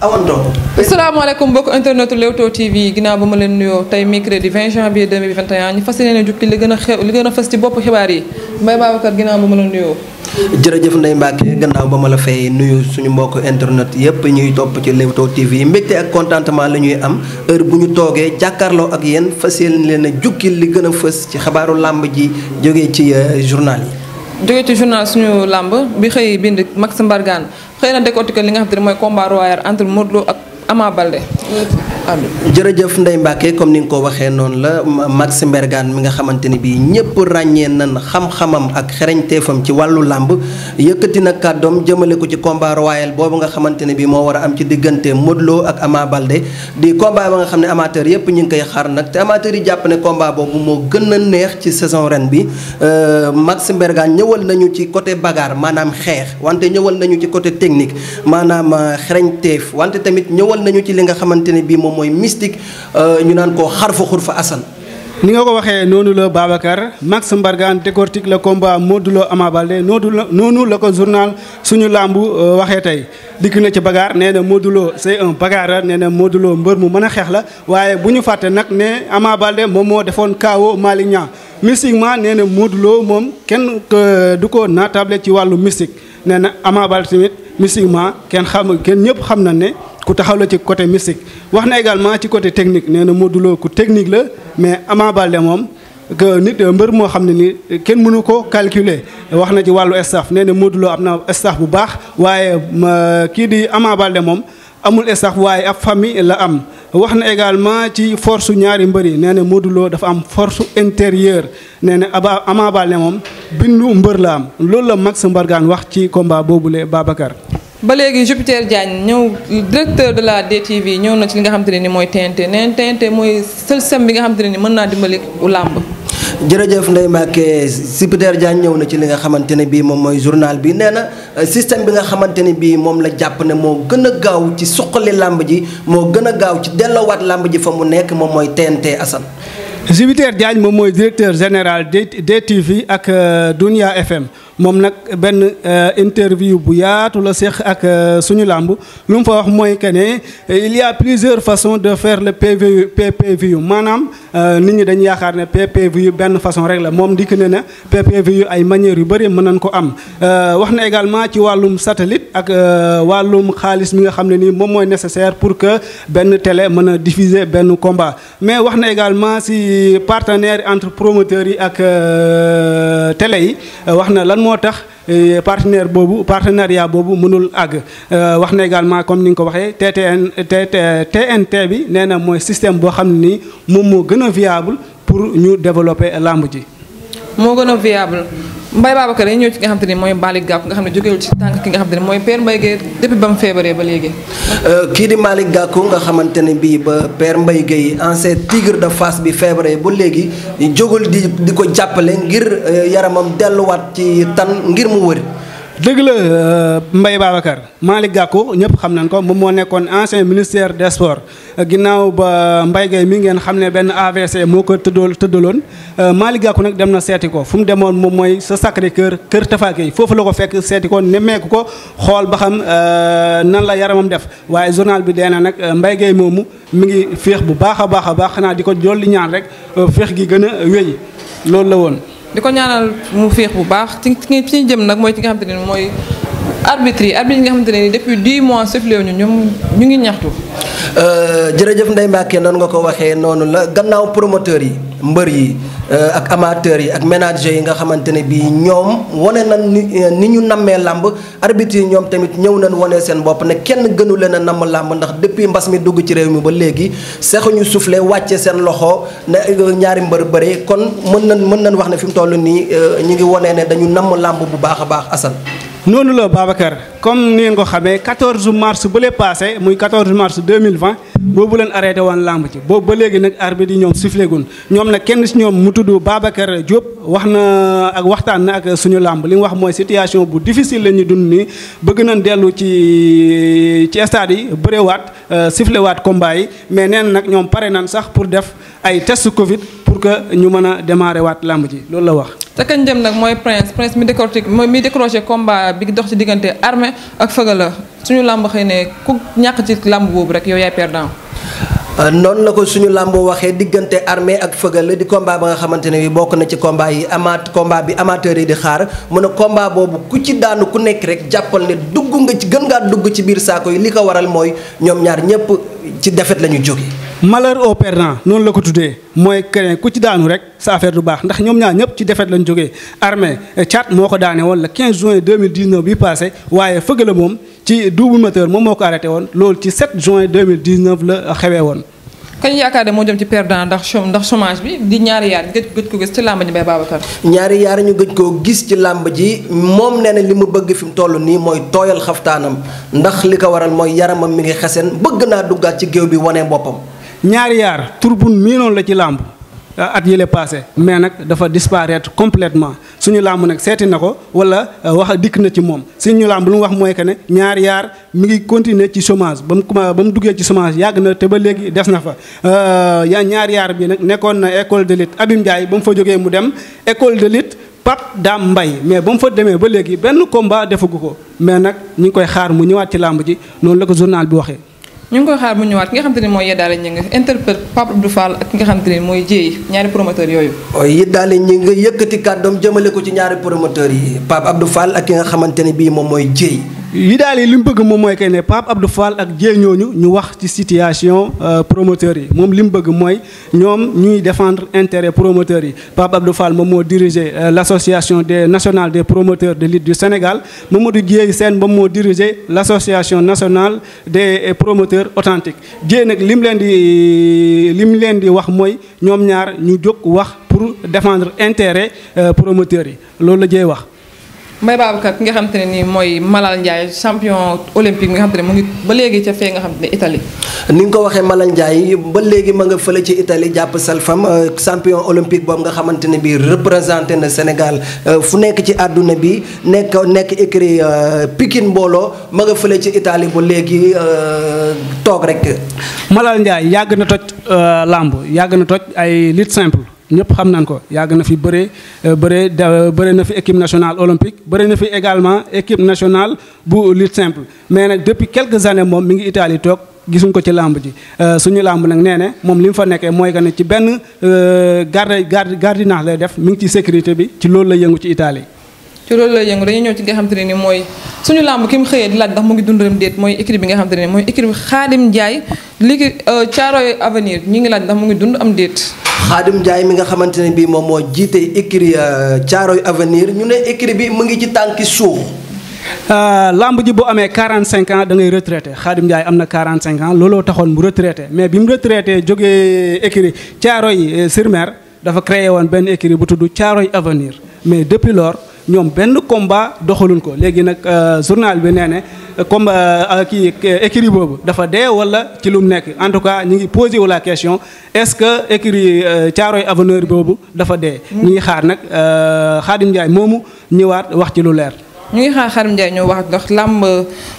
awandoo. asalaamaaleykum mbokk internet Leewtoo TV ginnaaw ba ma leen nuyoo tey mercredi 20 janvier 2021 ñu fas yéene jukki li gën a xew li gën a fës ci bopp xibaar yi Mbaye Babacar ginnaaw ba ma leen nuyoo. jërëjëf Ndeye Mbacke gannaaw ba ma la fay nuyu suñu mbokk internet yépp ñuy topp ci Leewtoo TV mbégte ak contentement la am heure bu ñu toogee jàkkaarloo ak yéen fas yéene leen a jukki li gën a fës ci xabaaru làmb ji jógee ci euh, journal yi. jógee ci suñu làmb bi xëy bind Max Mbargane. xëy na décortiquer li nga xam te ne mooy combat royal entre Modou Lo ak Ama Baldé jërëjëf ndey Mbacke comme ni nga ko waxee noonu la Max Mbergane mi nga xamante ni bii ñëpp ràññee nan xam-xamam ak teefam ci wàllu làmb yëkkati na kàddoom jëmale ko ci combat royal boobu nga xamante ne bii moo war a am ci diggante Modou Lo ak Ama Baldé di combat ba nga xam ne amateur yëpp ñu ngi koy xaar nag te amateur yi jàpp ne combat boobu moo gën a neex ci saison ren bi euh, Max Mbergane ñëwal nañu ci côté bagarre maanaam xeex wante ñëwal nañu ci côté technique maanaam euh, xamante ne bii moom mooy mystique euh, ñu naan ko xarfa xurfa asan ni nga ko waxee noonu la Babacar Max Mbargane décortique le combat Modou Lo Ama Baldé noonu la ko journal suñu làmbu euh, waxee tey dikk na ci bagaar nee na Modou Lo un bagarreur nee na Modou mbër mu mën a xeex la waaye bu ñu fàtte nag ne Ama Baldé moo defoon KO Malick Niang ma nee na Modou moom kenn euh, du ko naatable ci wàllu mystique nee na Ama Baldé tamit mystiquement kenn xam kenn ñëpp xam na ne ku taxaw la ci côté mystique wax na également ci côté technique nee na Modou Lo ku technique la mais Ama Baldé moom que mbër moo xam ne ni kenn mënu ko calculer wax na ci wàllu staff nee na Modou am na staff bu baax waaye kii di Ama Baldé moom amul staff waaye ab famille la am wax na également ci force ñaari mbër yi nee na Modou dafa am force intérieure nee na aba Ama Baldé moom bindu mbër la am loolu la Max Mbargane wax ci combat boobule Babacar ba léegi Jupiter Diagne ñëw directeur de la DTV ñëw na ci li nga xamante ne ni mooy TNT neen TNT mooy seul système bi nga xamante ne ni mën naa dimbali u làmb jërëjëf Ndeye Mbacke Jupiter Diagne ñëw na ci li nga xamante ne bii moom mooy journal bi nee na système bi nga xamante ne bii moom la jàpp ne moo gën a gaaw ci suqali làmb ji moo gën a gaaw ci delloowaat làmb ji fa mu nekk moom mooy TNT Assane Jupiter Diagne moom mooy directeur général DTV ak euh, Dunia FM moom nag benn euh, interview bu yaatu la seq ak euh, suñu làmb lu mu fa wax mooy que ne il y a plusieurs façons de faire le PV PPV maanaam euh, nit ñi dañu yaakaar ne PPV benn façon rek la moom dikk ne na PPV ay manières yu bëri mën nañ ko am. wax na également ci wàllum satellite ak wàllum xaalis mi nga xam ne nii moom mooy nécessaire pour que benn télé mën a diffuser benn combat mais wax na également si partenaire entre promoteurs yi ak télé yi wax na lan. moo tax euh, partenaire boobu partenariat boobu mënul àgg euh, wax na également comme ni nga ko waxee TTN TNT bi nee na mooy système boo xam ni moom moo gën a viable pour ñu développer làmb ji. moo gën a viable. Mbaye Babacar dañuy ñëw ci nga xam mooy Malick Gakou nga xam ne jógewul ci tànk ki nga xam te ne mooy Père Mbaye Guèye depuis ba mu feebaree ba léegi. Euh, kii di Malick Gakou nga xamante ne bii ba Père Mbaye Guèye ancien tigre de fas bi feebaree ba léegi jógul di di ko jàppale ngir euh, yaramam delluwaat ci tan ngir mu wër. dëgg la euh, Mbaye Babacar Malick Gakou ñëpp xam nañ ko moom moo nekkoon ancien ministère des sports ginnaaw ba Mbaye Gueye mi ngeen xam ne benn AVC moo ko tëddool tëddaloon euh, Malick Gakou nag dem na seeti ko fu mu demoon moom mooy sa Sacré kër kër Tapha yi foofu la ko fekk seeti ko nemmeeku ko xool ba xam euh, nan la yaramam def waaye journal bi dee na nag Mbaye Gueye moomu mi ngi féex bu baax a baax a baax xanaa di ko jolli ñaan rek féex gi gën a wéy loolu la woon. di ko ñaanal mu féex bu baax ci ci ñu jëm nag mooy ci nga xamante ne mooy arbitre yi arbitre yi nga xamante ne nii depuis 10 mois sëflé ñu ñoom ñu ngi ñaxtu. Euh, jërëjëf Ndeye Mbacke noonu nga ko waxee noonu la gannaaw promoteur yi mbër yi. Euh, ak amateurs yi ak ménagers yi nga xamante ne bii ñoom wane nan euh, ni ñu nammee làmb arbitres yi ñoom tamit ñëw nañu wane seen bopp ne kenn gënu leen a namm làmb ndax depuis mbas mi dugg ci réew mi ba léegi sexuñu soufflé wàcce seen loxo ne euh, ñaari mbër bëre kon mën nañ mën nañ wax ne fi mu toll nii ñu ngi wane ne dañu namm làmb bu baax a baax asal noonu la Babacar comme ni ngeen ko xamee 14 mars ba lee passé muy 14 mars 2020 boobu leen arrêté woon làmb ci boobu ba léegi nag arbitre yi ñoom sifflé gun ñoom nag kenn si ñoom mu tudd Babacar Diop wax na ak waxtaan na ak suñu làmb li mu wax mooy situation bu difficile la ñu dund nii bëgg nañ dellu ci ci stade yi waat euh, sifflewaat waat yi mais neen nag ñoom pare nañ sax pour def ay test Covid pour que ñu mën a démarrer waat làmb ji loolu la wax. te kañ dem nag mooy prince prince mi décortique mi décroché combat bi dox ci diggante armée ak Feugeula suñu làmb xay ne ku ñàkk ci làmb boobu rek yow yaay perdant Euh, noonu la ko suñu làmb waxee diggante armée ak fëgal di combat ba nga xamante ne bi bokk na ci combat yi amaat combat bi amateur yi di xaar mu ne komba boobu ku ci daanu ku nekk rek jàppal ne dugg nga ci gën ngaa dugg ci biir saako yi li ko waral mooy ñoom ñaar ñëpp ci defet la ñu jóge malheur au perdant noonu la ko tuddee mooy keneen ku ci daanu rek sa affaire du baax ndax ñoom ñaar ñëpp ci defet lañ jógee armée Thiat moo ko daane woon le 15 juin 2019 bi passé waaye fëgal moom. ci double moteur moom moo ko arrêté woon loolu ci 7 juin 2019 la xewee woon. kañ yaakaar ne moo jëm ci perdant ndax chom ndax chômage bi di ñaari yaar ñu gëj ko gis ci làmb ji ñaari yaar ñu gëj koo gis ci làmb ji moom nee na li mu bëgg fi mu toll nii mooy tooyal xaftaanam ndax li ko waral mooy yaramam mi ngi xesen bëgg naa duggaat ci géew bi wane boppam. ñaari yaar tur bu miinoon la ci làmb. at yële passé mais nag dafa disparaître completement suñu làmb nag seeti na ko wala euh, wax dikk na ci moom suñu làmb lu mu wax mooy que ne ñaari yaar mi ngi continuer ci chômage ba mu ba mu duggee ci chômage yàgg na te ba léegi des na fa euh, yaa ñaari yaar bi nag nekkoon na école de lit Abim Ndiaye ba mu fa jógee mu dem école de lutte Pape Dame Mbaye mais ba mu fa demee ba léegi benn combat defagu ko mais nag ñu ngi koy xaar mu ñëwaat ci làmb ji noonu la ko journal bi waxee ñu ngi koy xaar mu ñëwaat ki nga xam te ne mooy Yeddaale Gningue interprète Pape Abdou Fall ak ki nga xam te ne mooy Dieye ñaari promoteur yooyu Yeddaale Gningue yëkkati doom jëmale ko ci ñaari promoteur yi Pape du Fall ak ki nga xamante ne bii moom mooy Dieye yi daal yi li mu bëgg moom mooy que ne Pape Abdou Fall ak Dieng ñooñu ñu wax ci situation euh, promoteur yi moom li mu bëgg mooy ñoom ñuy defendre intérêt promoteur yi pap Abdou Fall moom moo diriger euh, l' association des nationale des promoteurs de lutte du Sénégal moom Mamadou Dieng seen moom moo diriger l' association nationale de euh, promoteurs authentiques Dieng nag li mu leen di li mu leen di wax mooy ñoom ñaar ñu jóg wax pour defendre intérêt promoteurs yi loolu la Dieng wax. Mbaye Babacar ki nga xam ne nii mooy Malal Ndiaye champion olympique nga xam te ne mu ngi ba léegi ca fee nga xam ne Italie. ni nga ko waxee Malal Ndiaye ba léegi ma nga fële ci itali jàpp salfam euh, champion olympique boobu nga xamante ne bii représenté na Sénégal euh, fu nekk ci àdduna bi nekk nekk écrit euh, Pikine mbooloo ma nga fële ci Italie ba léegi toog rek. Malal Ndiaye yàgg na toj làmb yàgg na toj ay lutte simple. ñëpp xam nañ ko yàgg na fi bëre euh, bëre bëre na fi équipe nationale olympique bëre na fi également équipe nationale bu lutte simple mais nag depuis quelque années moom mi ngi itali toog gisuñ ko ci làmb ji euh, suñu làmb nag nee ne moom li mu fa nekkee mooy que ne ci benn euh, garde garde gardiennage lay def mu ngi ci sécurité bi ci loolu la yëngu ci Italie. ci loolu la yëngu dañuy ñëw ci nga xam te ne ni mooy suñu làmb ki mu xëyee di laaj ndax mu ngi dundam déet mooy équipe bi nga xam te ne ni mooy équipe Khadim Ndiaye léegi Caaroy avenir ñi ngi laaj ndax mu ngi dund am déet xaadim Njaay mi nga xamante ne bii moom moo jiite écurie euh, yi Avenir ñu ne écurie bi mu ngi ci tànki suuf. Euh, lamb ji bu amee 45 ans da ngay retraité xaadim Njaay am na 45 ans looloo taxoon mu retraité mais bi mu retraité jógee écurie caaro yi euh, Mer dafa créé woon benn écurie bu tudd yi Avenir mais depuis loor ñoom benn combat doxaluñ ko léegi nag euh, journal bi nee ne euh, combat euh, kii écurie boobu dafa dee wala ci lu nekk en tout cas ñu ngi posé wu la question est-ce que écurie Thiaroye Avenir boobu dafa dee. Mm. ñu ngi xaar nag Khadim Ndiaye moomu ñëwaat wax ci lu leer. ñu ngi xaar Khadim Ndiaye ñëw wax ndax làmb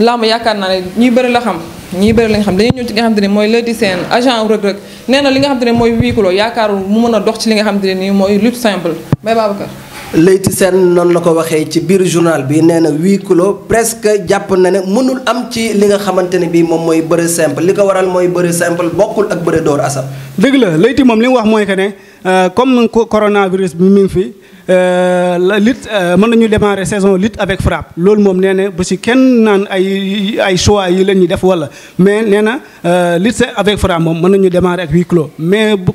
làmb yaakaar naa ne ñuy bëri la xam. ñii bëri lañ xam dañuy ñëw ci li nga xam ne mooy lëdi seen agent Reug nee na li nga xam te ne mooy wiikuloo yaakaarul mu mën a dox ci li nga xam te ne nii mooy lutte simple Leyti Sène noonu la ko waxee ci biir journal bi nee na huis clos presque jàpp na ne mënul am ci li nga xamante ne bii moom mooy bëre simple li ko waral mooy bëre simple bokkul ak bëre door asam. dëgg la Leyti moom li mu wax mooy que ne euh, comme coronavirus bi mu ngi fi euh, la lutte euh, mën nañu démarrer saison lutte avec frappe loolu moom nee na ba si kenn naan ay ay choix yi la ñuy def wala mais nee na lutte avec frappe moom mën nañu démarrer ak huis clos mais bu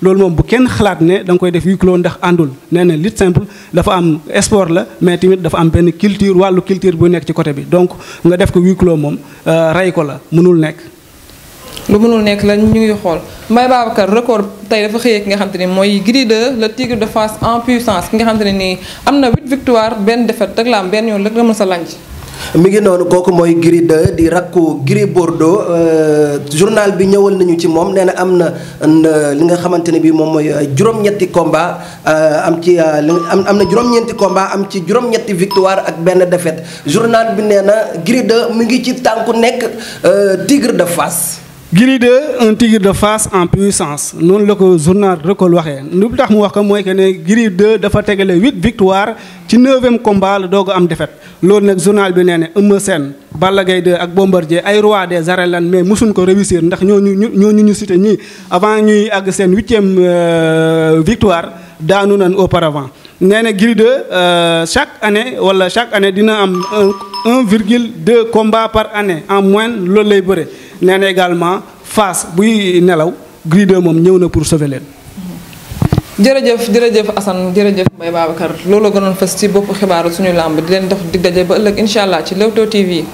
loolu moom bu kenn xalaat ne da nga koy def huis clos ndax àndul nee na lutte simple dafa am sport la mais tamit dafa am benn culture wàllu culture bu nekk ci côté bi donc nga def ko huis clos moom euh, rey ko la mënul nekk. lu mënul nekk la ñu ngi xool Mbaye Babacar record tey dafa xëyee ki nga xam te ne mooy Gris 2 le tigre de Fass en puissance ki nga xam te ne nii am na 8 victoire benn defet rek laa am benn yoon rek la mën sa lanc. mi ngi noonu kooku mooy Gris 2 di rakku Gris Bordeaux euh, journal bi ñëwal nañu ci moom nee na am na li nga xamante ne bii moom mooy euh, juróom-ñetti combat euh, am ci am na juróom-ñeenti am ci juróom-ñetti victoire ak benn défaite journal bi nee na Gris 2 mi ngi ci tànku nekk Tigre de Fass. Gris 2 un tigre de Fass en puissance noonu la ko journal Record waxee lu tax mu wax ko mooy que ne Gris 2 dafa tegale huit victoire ci neuvième combat la doog am défaite loolu nag journal bi nee ne Eumeu Sène Balla Gaye 2 ak Bombardier ay roi des arènes lan mais mosuñ ko réussir ndax ñooñu ñu ñooñu ñu site ñii avant ñuy àgg seen huitième euh, victoire daanu nan auparavant nee na Gris 2 euh, chaque année wala chaque année dina am un virgule de combats par année en moyenne loolu lay bëre nee na également Fass buy nelaw Gris 2 moom ñëw na pour sauver leen. jërëjëf jërëjëf Assane jërëjëf Mbaye Babacar loolu gënoon fës ci bopp xibaar suñu làmb di leen dox dig daje ba ëllëg incha allah ci Leewtoo TV.